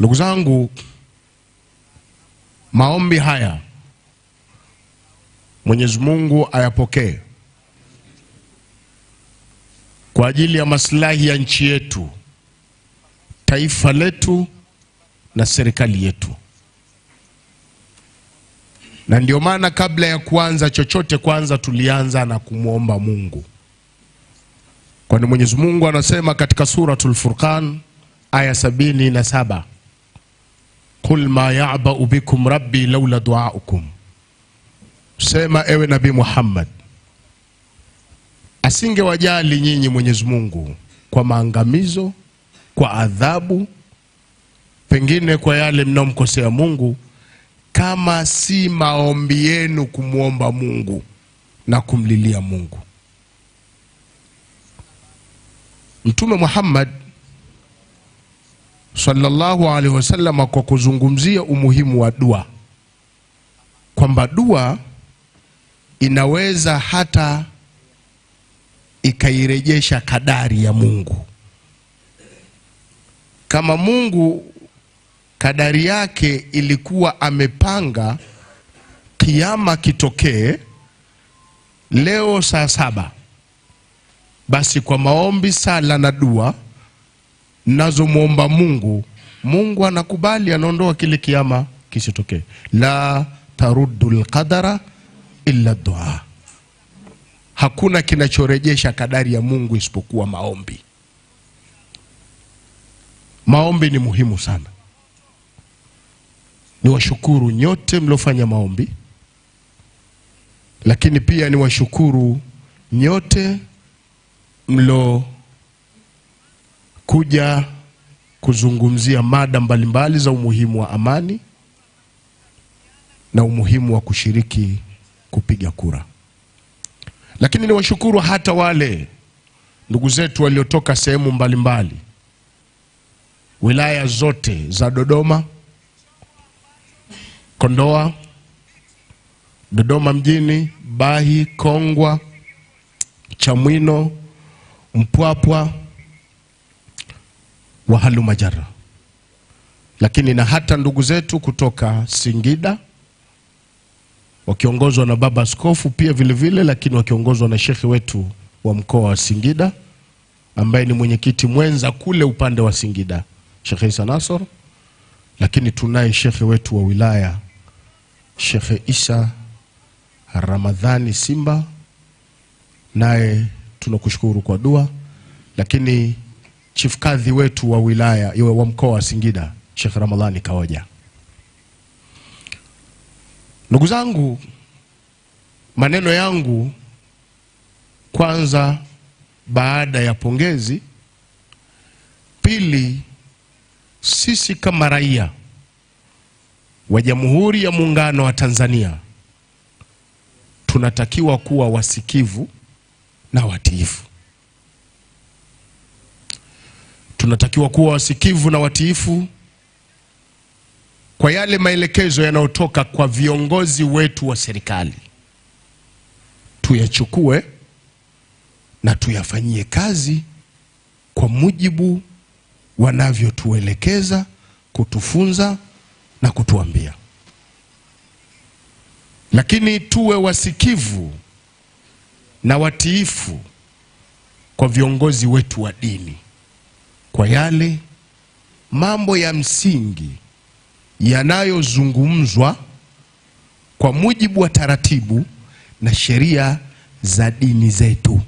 Ndugu zangu, maombi haya Mwenyezi Mungu ayapokee kwa ajili ya maslahi ya nchi yetu, taifa letu na serikali yetu. Na ndio maana kabla ya kuanza chochote, kwanza tulianza na kumwomba Mungu, kwani Mwenyezi Mungu anasema katika Suratul Furqan aya sabini na saba Qul ma ya'ba'u bikum rabbi laula duaukum, sema ewe Nabii Muhammad, asingewajali nyinyi Mwenyezi Mungu kwa maangamizo, kwa adhabu, pengine kwa yale mnaomkosea Mungu, kama si maombi yenu kumwomba Mungu na kumlilia Mungu. Mtume Muhammad sallallahu alaihi wasallam kwa kuzungumzia umuhimu wa dua, kwamba dua inaweza hata ikairejesha kadari ya Mungu. Kama Mungu kadari yake ilikuwa amepanga kiama kitokee leo saa saba, basi kwa maombi, sala na dua nazomwomba Mungu, Mungu anakubali, anaondoa kile kiama kisitokee. La taruddu lqadara illa dua, hakuna kinachorejesha kadari ya Mungu isipokuwa maombi. Maombi ni muhimu sana. Niwashukuru nyote mliofanya maombi, lakini pia niwashukuru nyote mlo kuja kuzungumzia mada mbalimbali za umuhimu wa amani na umuhimu wa kushiriki kupiga kura. Lakini niwashukuru hata wale ndugu zetu waliotoka sehemu mbalimbali, wilaya zote za Dodoma, Kondoa, Dodoma mjini, Bahi, Kongwa, Chamwino, Mpwapwa wa Halu Majara, lakini na hata ndugu zetu kutoka Singida wakiongozwa na baba askofu pia vile vile, lakini wakiongozwa na shekhe wetu wa mkoa wa Singida ambaye ni mwenyekiti mwenza kule upande wa Singida Shekhe Isa Nasor, lakini tunaye shekhe wetu wa wilaya Shekhe Isa Ramadhani Simba, naye tunakushukuru kwa dua, lakini Chief Kadhi wetu wa wilaya wa mkoa wa Singida Sheikh Ramadhani Kaoja. Ndugu zangu, maneno yangu kwanza, baada ya pongezi, pili, sisi kama raia wa Jamhuri ya Muungano wa Tanzania tunatakiwa kuwa wasikivu na watiifu. Tunatakiwa kuwa wasikivu na watiifu kwa yale maelekezo yanayotoka kwa viongozi wetu wa serikali, tuyachukue na tuyafanyie kazi kwa mujibu wanavyotuelekeza, kutufunza na kutuambia. Lakini tuwe wasikivu na watiifu kwa viongozi wetu wa dini kwa yale mambo ya msingi yanayozungumzwa kwa mujibu wa taratibu na sheria za dini zetu.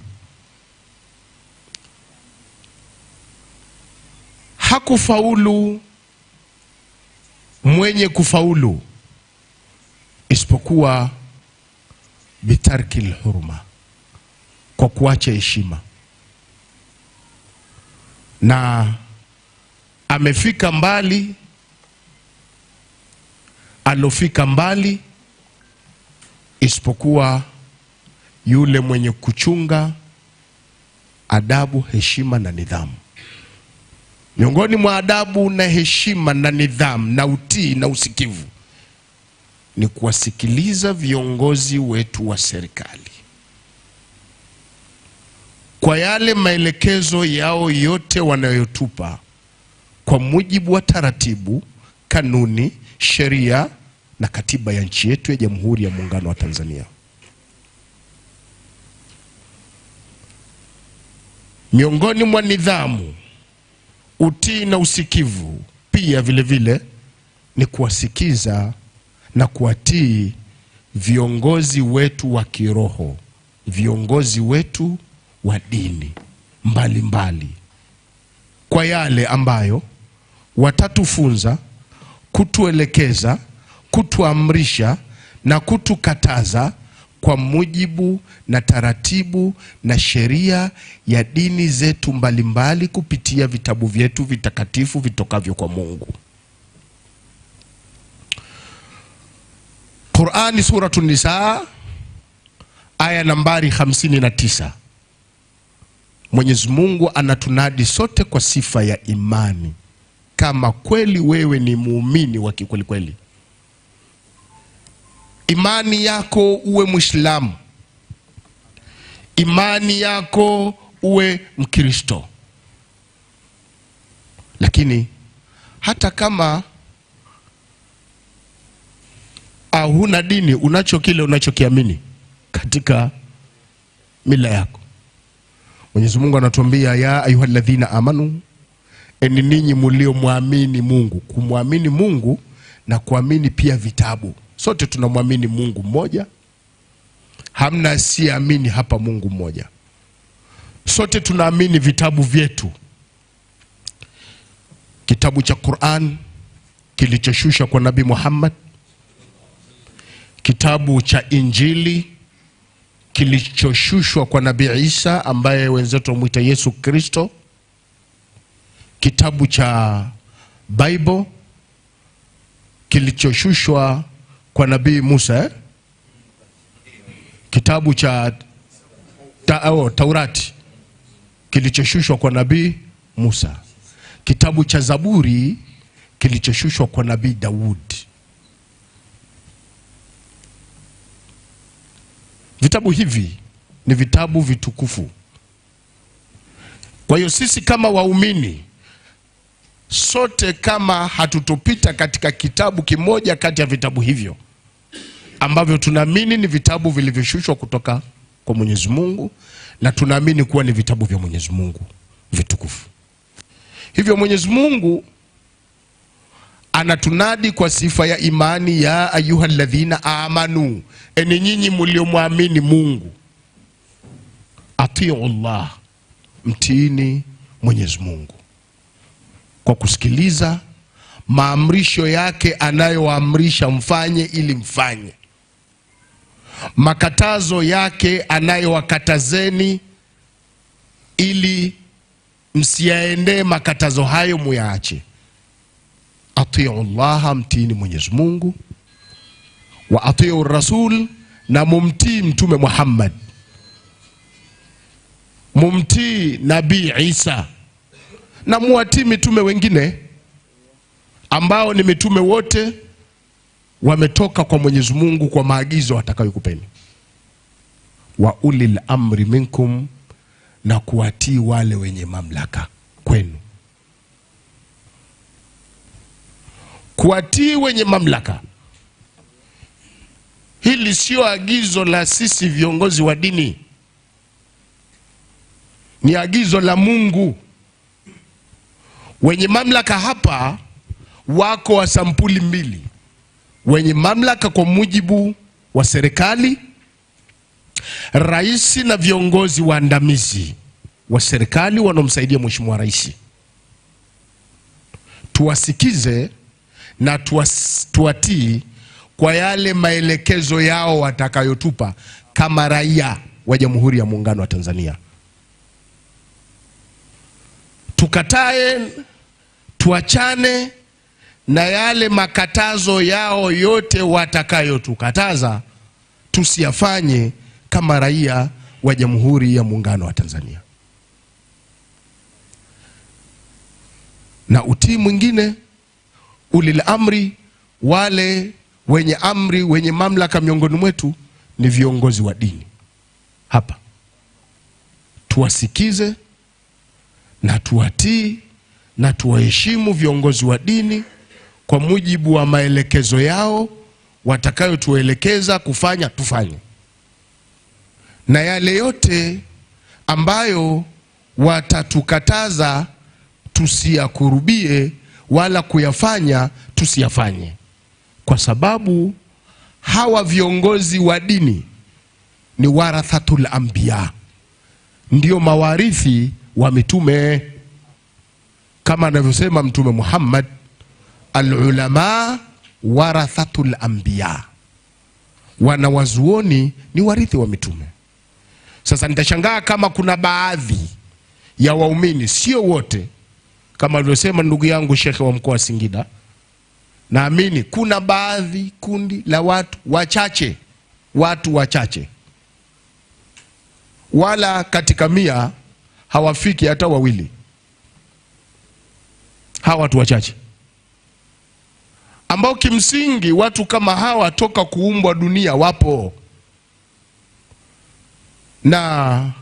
Hakufaulu mwenye kufaulu isipokuwa bitarki lhuruma, kwa kuacha heshima na amefika mbali alofika mbali, isipokuwa yule mwenye kuchunga adabu, heshima na nidhamu. Miongoni mwa adabu na heshima na nidhamu na utii na usikivu ni kuwasikiliza viongozi wetu wa serikali kwa yale maelekezo yao yote wanayotupa kwa mujibu wa taratibu, kanuni, sheria na katiba ya nchi yetu ya Jamhuri ya Muungano wa Tanzania. Miongoni mwa nidhamu, utii na usikivu pia vile vile ni kuwasikiza na kuwatii viongozi wetu wa kiroho, viongozi wetu wa dini mbalimbali mbali, kwa yale ambayo watatufunza, kutuelekeza, kutuamrisha na kutukataza kwa mujibu na taratibu na sheria ya dini zetu mbalimbali mbali, kupitia vitabu vyetu vitakatifu vitokavyo kwa Mungu. Qurani Suratu Nisaa aya nambari 59. Mwenyezi Mungu anatunadi sote kwa sifa ya imani, kama kweli wewe ni muumini wa kikweli kweli, imani yako uwe Mwislamu, imani yako uwe Mkristo. Lakini hata kama huna dini, unacho kile unachokiamini katika mila yako Mwenyezi Mungu anatuambia ya ayuhaladhina amanu, eni ninyi muliomwamini Mungu. Kumwamini Mungu na kuamini pia vitabu, sote tunamwamini Mungu mmoja, hamna asiyeamini hapa Mungu mmoja. Sote tunaamini vitabu vyetu, kitabu cha Qur'an kilichoshusha kwa Nabii Muhammad, kitabu cha Injili kilichoshushwa kwa Nabii Isa ambaye wenzetu wamwita Yesu Kristo, kitabu cha Bible kilichoshushwa kwa Nabii Musa eh? Kitabu cha ta, oh, Taurati kilichoshushwa kwa Nabii Musa, kitabu cha Zaburi kilichoshushwa kwa Nabii Daudi Vitabu hivi ni vitabu vitukufu. Kwa hiyo sisi kama waumini sote kama hatutopita katika kitabu kimoja kati ya vitabu hivyo ambavyo tunaamini ni vitabu vilivyoshushwa kutoka kwa Mwenyezi Mungu na tunaamini kuwa ni vitabu vya Mwenyezi Mungu vitukufu. Hivyo Mwenyezi Mungu anatunadi kwa sifa ya imani, ya ayuha ladhina amanu, eni nyinyi muliomwamini Mungu, atiu llah, mtiini Mwenyezi Mungu kwa kusikiliza maamrisho yake anayoamrisha mfanye ili mfanye, makatazo yake anayowakatazeni ili msiyaendee makatazo hayo muyaache atiu llaha, mtiini Mwenyezi Mungu, wa atiu rasul, na mumtii Mtume Muhammad, mumtii Nabii Isa na muwatii mitume wengine ambao ni mitume wote wametoka kwa Mwenyezi Mungu kwa maagizo atakayokupeni. Wa ulil amri minkum, na kuwatii wale wenye mamlaka kwenu. kuwatii wenye mamlaka. Hili sio agizo la sisi viongozi wa dini, ni agizo la Mungu. Wenye mamlaka hapa wako wa sampuli mbili: wenye mamlaka kwa mujibu wa serikali, rais na viongozi waandamizi wa serikali wanaomsaidia mheshimiwa rais. Tuwasikize na tuwatii kwa yale maelekezo yao watakayotupa kama raia wa Jamhuri ya Muungano wa Tanzania. Tukatae, tuachane na yale makatazo yao yote watakayotukataza tusiyafanye kama raia wa Jamhuri ya Muungano wa Tanzania. Na utii mwingine ulil amri, wale wenye amri wenye mamlaka miongoni mwetu ni viongozi wa dini hapa, tuwasikize na tuwatii na tuwaheshimu viongozi wa dini kwa mujibu wa maelekezo yao watakayotuelekeza kufanya tufanye, na yale yote ambayo watatukataza tusiyakurubie wala kuyafanya tusiyafanye, kwa sababu hawa viongozi wa dini ni warathatul anbiya, ndio mawarithi wa mitume, kama anavyosema Mtume Muhammad, alulama warathatul anbiya, wanawazuoni ni warithi wa mitume. Sasa nitashangaa kama kuna baadhi ya waumini, sio wote kama alivyosema ndugu yangu shekhe wa mkoa wa Singida, naamini kuna baadhi kundi la watu wachache, watu wachache, wala katika mia hawafiki hata wawili, hawa watu wachache ambao kimsingi watu kama hawa toka kuumbwa dunia wapo, na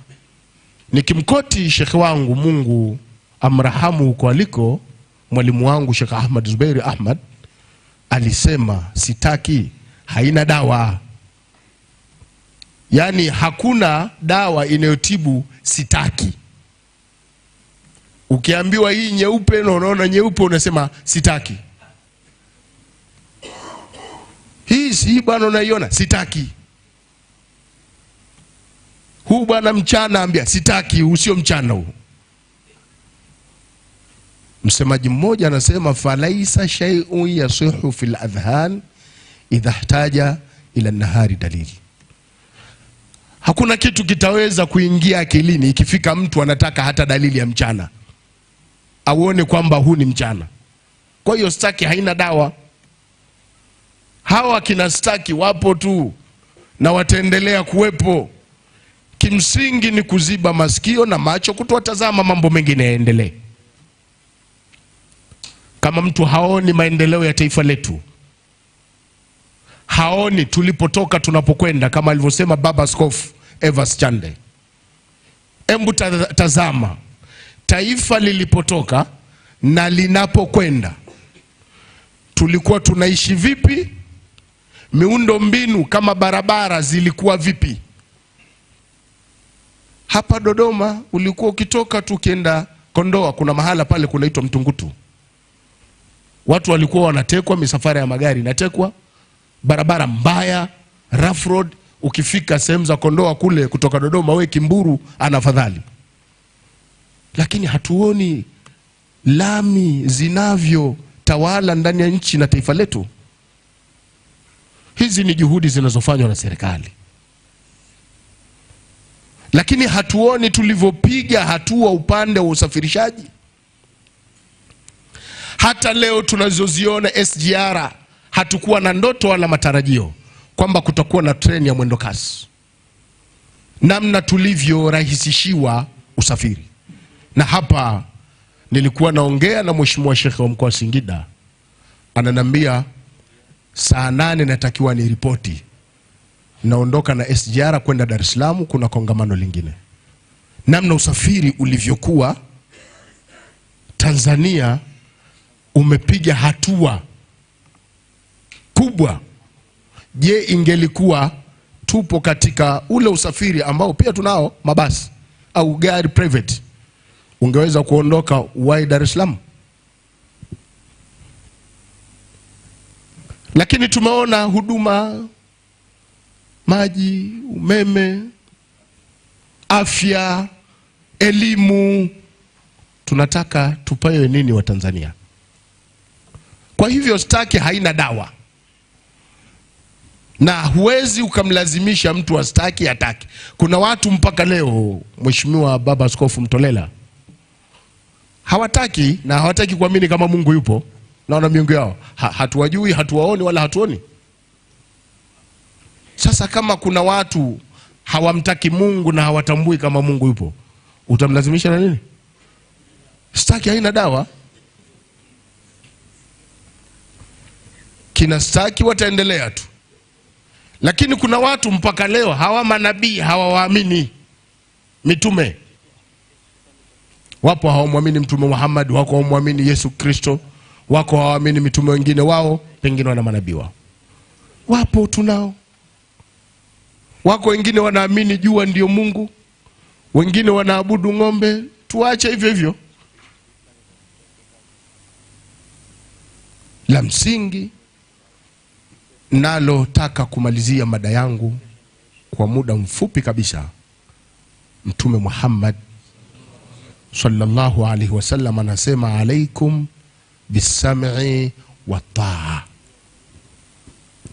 nikimkoti shekhe wangu Mungu amrahamu huko aliko mwalimu wangu Sheikh Ahmad Zubairi Ahmad alisema sitaki, haina dawa. Yaani hakuna dawa inayotibu sitaki. Ukiambiwa hii nyeupe na unaona nyeupe unasema sitaki. Hii si bwana, unaiona sitaki. Huu bwana mchana ambia sitaki, usio mchana huu Msemaji mmoja anasema falaisa shay'un yasihu fil ladhhan idha htaja ila nahari dalili. Hakuna kitu kitaweza kuingia akilini ikifika mtu anataka hata dalili ya mchana auone kwamba huu ni mchana. Kwa hiyo staki haina dawa. Hawa kina staki wapo tu na wataendelea kuwepo. Kimsingi ni kuziba masikio na macho, kutowatazama mambo mengine yaendelee. Kama mtu haoni maendeleo ya taifa letu, haoni tulipotoka tunapokwenda, kama alivyosema baba Askofu Evans Chande, embu tazama taifa lilipotoka na linapokwenda, tulikuwa tunaishi vipi? Miundo mbinu kama barabara zilikuwa vipi? Hapa Dodoma ulikuwa ukitoka tu ukienda Kondoa, kuna mahala pale kunaitwa Mtungutu Watu walikuwa wanatekwa, misafara ya magari inatekwa, barabara mbaya, rough road. Ukifika sehemu za Kondoa kule kutoka Dodoma, we kimburu anafadhali, lakini hatuoni lami zinavyotawala ndani ya nchi na taifa letu. Hizi ni juhudi zinazofanywa na serikali, lakini hatuoni tulivyopiga hatua upande wa usafirishaji. Hata leo tunazoziona SGR hatukuwa na ndoto wala matarajio kwamba kutakuwa na treni ya mwendo kasi, namna tulivyorahisishiwa usafiri. Na hapa nilikuwa naongea na mheshimiwa shekhe wa mkoa wa Singida, ananiambia saa nane natakiwa ni ripoti, naondoka na SGR kwenda Dar es Salaam, kuna kongamano lingine. Namna usafiri ulivyokuwa Tanzania umepiga hatua kubwa. Je, ingelikuwa tupo katika ule usafiri ambao pia tunao mabasi au gari private, ungeweza kuondoka wai Dar es Salaam? Lakini tumeona huduma, maji, umeme, afya, elimu. Tunataka tupewe nini Watanzania? Kwa hivyo staki haina dawa, na huwezi ukamlazimisha mtu astaki ataki. Kuna watu mpaka leo, Mheshimiwa Baba Askofu Mtolela, hawataki na hawataki kuamini kama Mungu yupo na wana miungu yao ha, hatuwajui hatuwaoni wala hatuoni. Sasa kama kuna watu hawamtaki Mungu na hawatambui kama Mungu yupo, utamlazimisha na nini? Staki haina dawa. kinastaki, wataendelea tu. Lakini kuna watu mpaka leo hawa manabii hawawaamini mitume, wapo hawamwamini Mtume Muhammad, wako hawamwamini Yesu Kristo, wako hawaamini mitume wengine, wao pengine wana manabii wao, wapo tunao. Wako wengine wanaamini jua ndio Mungu, wengine wanaabudu ng'ombe. Tuache hivyo hivyo, la msingi nalotaka kumalizia mada yangu kwa muda mfupi kabisa, Mtume Muhammad sallallahu alaihi wasallam anasema alaikum bisam'i wa taa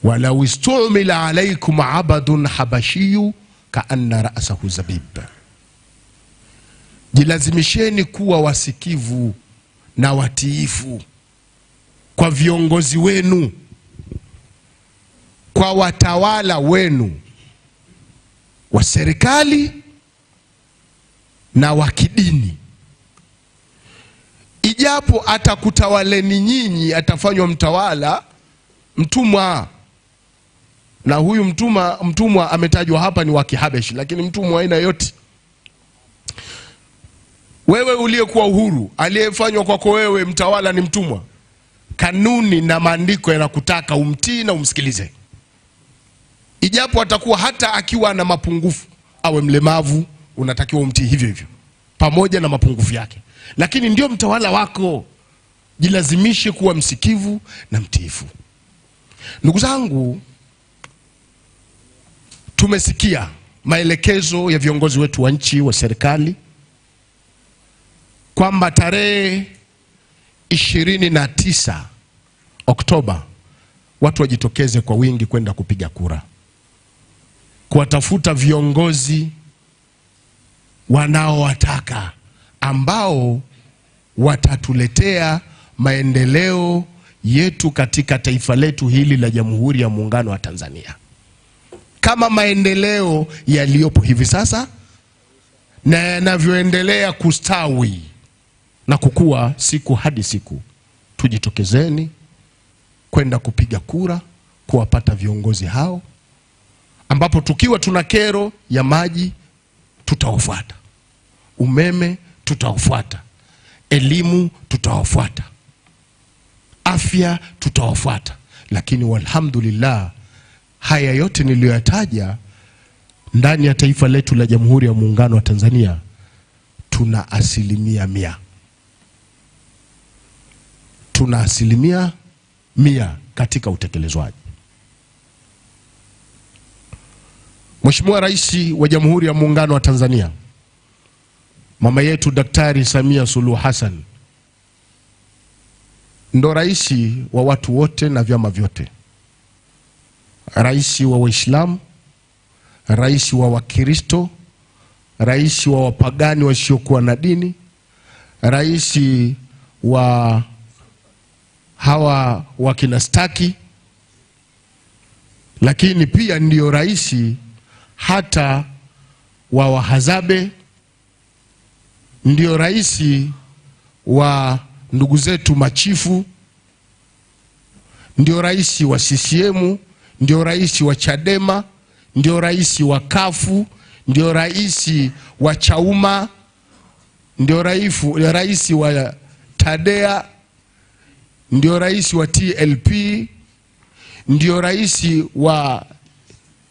walau istumila alaikum abadun habashiyu kaanna rasahu zabib, jilazimisheni kuwa wasikivu na watiifu kwa viongozi wenu kwa watawala wenu wa serikali na wa kidini, ijapo atakutawaleni nyinyi, atafanywa mtawala mtumwa. Na huyu mtumwa, mtumwa ametajwa hapa ni wa Kihabeshi, lakini mtumwa aina yote wewe uliyekuwa uhuru, aliyefanywa kwako wewe mtawala ni mtumwa. Kanuni na maandiko yanakutaka umtii na umsikilize ijapo atakuwa hata akiwa na mapungufu, awe mlemavu, unatakiwa umtii hivyo hivyo pamoja na mapungufu yake, lakini ndio mtawala wako. Jilazimishe kuwa msikivu na mtiifu. Ndugu zangu, tumesikia maelekezo ya viongozi wetu wa nchi wa serikali kwamba tarehe ishirini na tisa Oktoba watu wajitokeze kwa wingi kwenda kupiga kura kuwatafuta viongozi wanaowataka ambao watatuletea maendeleo yetu katika taifa letu hili la Jamhuri ya Muungano wa Tanzania, kama maendeleo yaliyopo hivi sasa na yanavyoendelea kustawi na kukua siku hadi siku. Tujitokezeni kwenda kupiga kura kuwapata viongozi hao ambapo tukiwa tuna kero ya maji tutaofuata, umeme tutaofuata, elimu tutaofuata, afya tutaofuata. Lakini walhamdulillah, haya yote niliyoyataja ndani ya taifa letu la Jamhuri ya Muungano wa Tanzania tuna asilimia mia, tuna asilimia mia katika utekelezwaji. Mheshimiwa Rais wa Jamhuri ya Muungano wa Tanzania mama yetu Daktari Samia Suluhu Hassan ndo rais wa watu wote na vyama vyote, rais wa Waislamu, rais wa Wakristo, rais wa wapagani wasiokuwa na dini, rais wa hawa wakinastaki, lakini pia ndiyo rais hata wa wahazabe ndio rais wa ndugu zetu machifu, ndio rais wa CCM, ndio rais wa Chadema, ndio rais wa Kafu, ndio rais wa Chauma, ndio rais wa Tadea, ndio rais wa TLP, ndio rais wa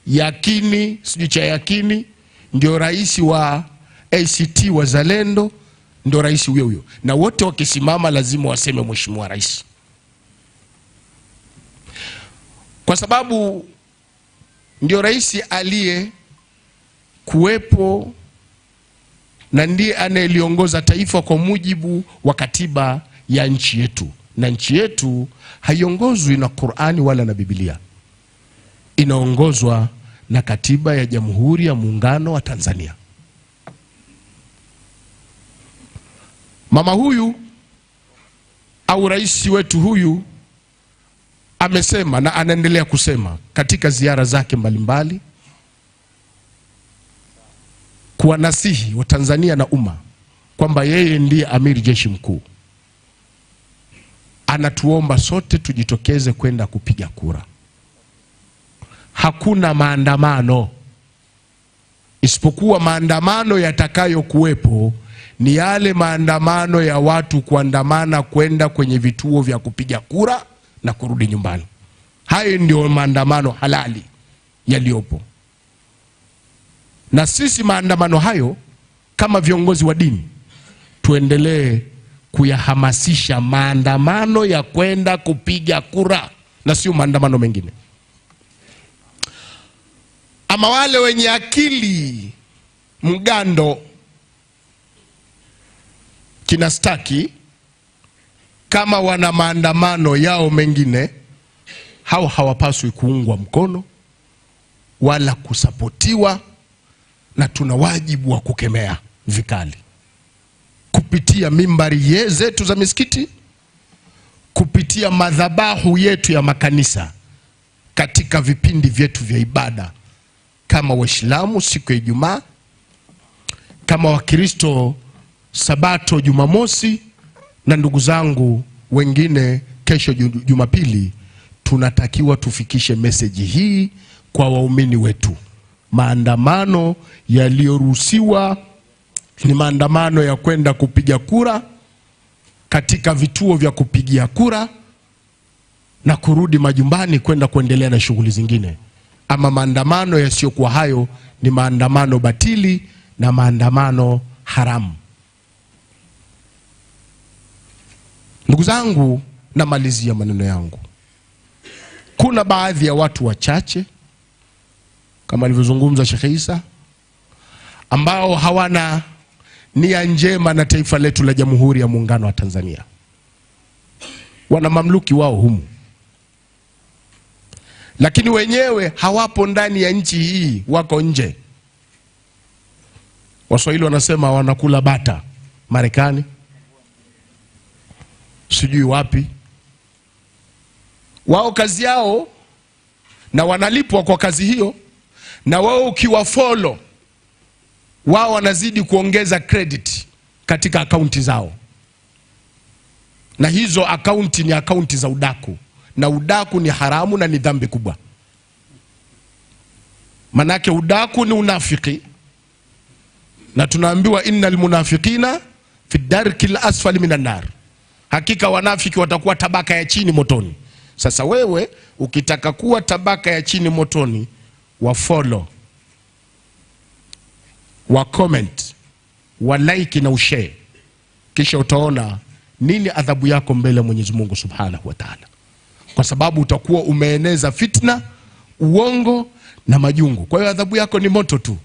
yakini sijui cha yakini, ndio rais wa ACT Wazalendo, ndio rais huyo huyo, na wote wakisimama lazima waseme mheshimiwa rais, kwa sababu ndio rais aliye kuwepo na ndiye anayeliongoza taifa kwa mujibu wa katiba ya nchi yetu, na nchi yetu haiongozwi na Qur'ani wala na Biblia, inaongozwa na katiba ya Jamhuri ya Muungano wa Tanzania. Mama huyu au rais wetu huyu amesema na anaendelea kusema katika ziara zake mbalimbali kuwanasihi Watanzania na umma kwamba yeye ndiye amiri jeshi mkuu. Anatuomba sote tujitokeze kwenda kupiga kura hakuna maandamano, isipokuwa maandamano yatakayokuwepo ni yale maandamano ya watu kuandamana kwenda kwenye vituo vya kupiga kura na kurudi nyumbani. Hayo ndio maandamano halali yaliyopo, na sisi maandamano hayo kama viongozi wa dini tuendelee kuyahamasisha maandamano ya kwenda kupiga kura na sio maandamano mengine ama wale wenye akili mgando kinastaki kama wana maandamano yao mengine, hao hawapaswi kuungwa mkono wala kusapotiwa, na tuna wajibu wa kukemea vikali kupitia mimbari ye zetu za misikiti, kupitia madhabahu yetu ya makanisa, katika vipindi vyetu vya ibada kama Waislamu siku ya Ijumaa, kama Wakristo Sabato Jumamosi, na ndugu zangu wengine kesho Jumapili, tunatakiwa tufikishe meseji hii kwa waumini wetu. Maandamano yaliyoruhusiwa ni maandamano ya kwenda kupiga kura katika vituo vya kupigia kura na kurudi majumbani kwenda kuendelea na shughuli zingine ama maandamano yasiyokuwa hayo ni maandamano batili na maandamano haramu. Ndugu zangu, namalizia maneno yangu. Kuna baadhi ya watu wachache kama alivyozungumza Sheikh Isa ambao hawana nia njema na taifa letu la Jamhuri ya Muungano wa Tanzania, wana mamluki wao humu lakini wenyewe hawapo ndani ya nchi hii, wako nje. Waswahili wanasema wanakula bata Marekani, sijui wapi. Wao kazi yao na wanalipwa kwa kazi hiyo, na wao ukiwafolo, wao wanazidi kuongeza credit katika akaunti zao, na hizo akaunti ni akaunti za udaku na udaku ni haramu na ni dhambi kubwa. Manake udaku ni unafiki, na tunaambiwa inna almunafiqina fi darki asfali min nar, hakika wanafiki watakuwa tabaka ya chini motoni. Sasa wewe ukitaka kuwa tabaka ya chini motoni, wa follow wa comment wa like na ushare, kisha utaona nini adhabu yako mbele ya Mwenyezi Mungu subhanahu wa Ta'ala kwa sababu utakuwa umeeneza fitna, uongo na majungu. Kwa hiyo adhabu yako ni moto tu.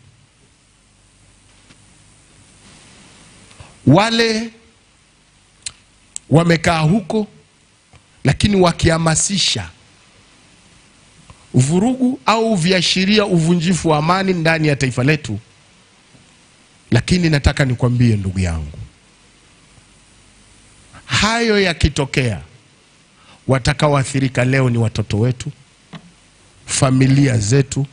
Wale wamekaa huko, lakini wakihamasisha vurugu au viashiria uvunjifu wa amani ndani ya taifa letu, lakini nataka nikwambie ndugu yangu, hayo yakitokea Watakaoathirika leo ni watoto wetu, familia zetu,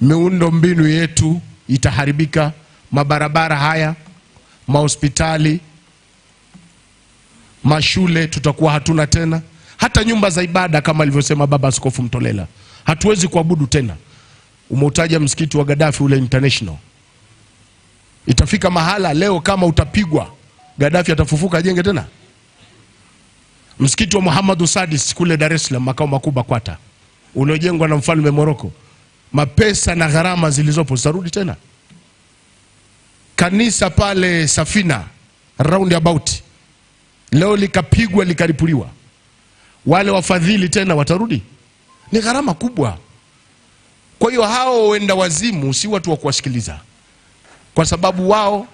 miundo mbinu yetu itaharibika, mabarabara haya, mahospitali, mashule tutakuwa hatuna tena, hata nyumba za ibada kama alivyosema Baba Askofu Mtolela, hatuwezi kuabudu tena. Umeutaja msikiti wa Gaddafi ule international, itafika mahala leo kama utapigwa Gaddafi atafufuka ajenge tena Msikiti wa Muhammadu Sadis kule Dar es Salaam, makao makuu BAKWATA, uliojengwa na mfalme Moroko, mapesa na gharama zilizopo zitarudi tena. Kanisa pale Safina round about leo likapigwa likaripuliwa, wale wafadhili tena watarudi, ni gharama kubwa. Kwa hiyo hao wenda wazimu si watu wa kuwasikiliza, kwa sababu wao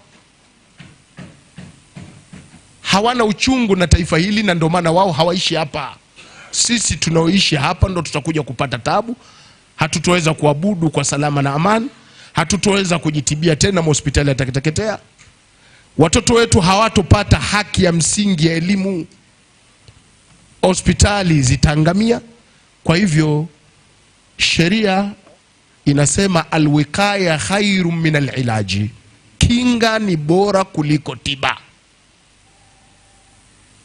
hawana uchungu na taifa hili, na ndio maana wao hawaishi hapa. Sisi tunaoishi hapa ndo tutakuja kupata tabu. Hatutoweza kuabudu kwa salama na amani, hatutoweza kujitibia tena, mahospitali yatateketea, watoto wetu hawatopata haki ya msingi ya elimu, hospitali zitaangamia. Kwa hivyo sheria inasema alwikaya khairu min alilaji, kinga ni bora kuliko tiba.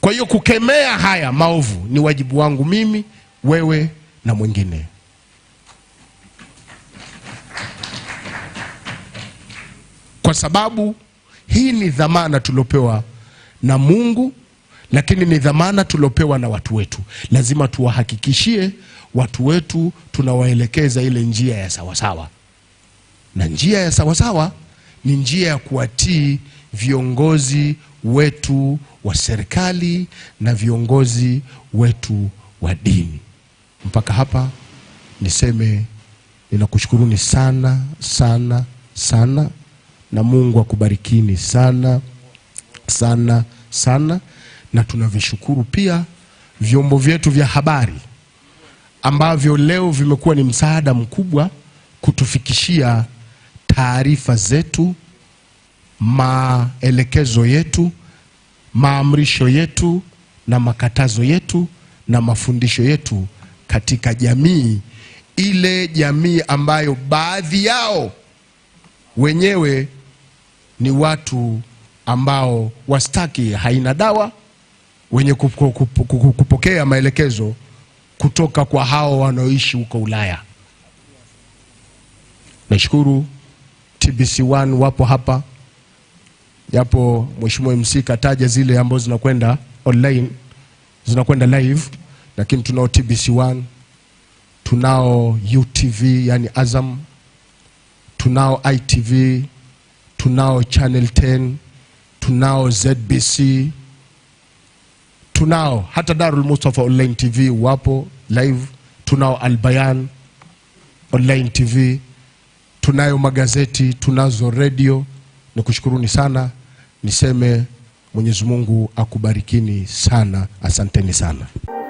Kwa hiyo kukemea haya maovu ni wajibu wangu mimi, wewe na mwingine. Kwa sababu hii ni dhamana tuliopewa na Mungu, lakini ni dhamana tuliopewa na watu wetu. Lazima tuwahakikishie watu wetu tunawaelekeza ile njia ya sawasawa, na njia ya sawasawa ni njia ya kuwatii viongozi wetu wa serikali na viongozi wetu wa dini. Mpaka hapa niseme ninakushukuruni sana sana sana, na Mungu akubarikini sana sana sana, na tunavishukuru pia vyombo vyetu vya habari ambavyo leo vimekuwa ni msaada mkubwa kutufikishia taarifa zetu maelekezo yetu, maamrisho yetu na makatazo yetu na mafundisho yetu katika jamii ile, jamii ambayo baadhi yao wenyewe ni watu ambao wastaki haina dawa, wenye kupokea maelekezo kutoka kwa hao wanaoishi huko Ulaya. Nashukuru TBC1 wapo hapa japo mheshimiwa MC kataja zile ambazo zinakwenda online zinakwenda live, lakini tunao TBC1, tunao UTV yani Azam, tunao ITV, tunao Channel 10, tunao ZBC, tunao hata Darul Mustafa online TV wapo live, tunao Albayan online TV, tunayo magazeti, tunazo redio. Nikushukuruni sana. Niseme Mwenyezi Mungu akubarikini sana, asanteni sana.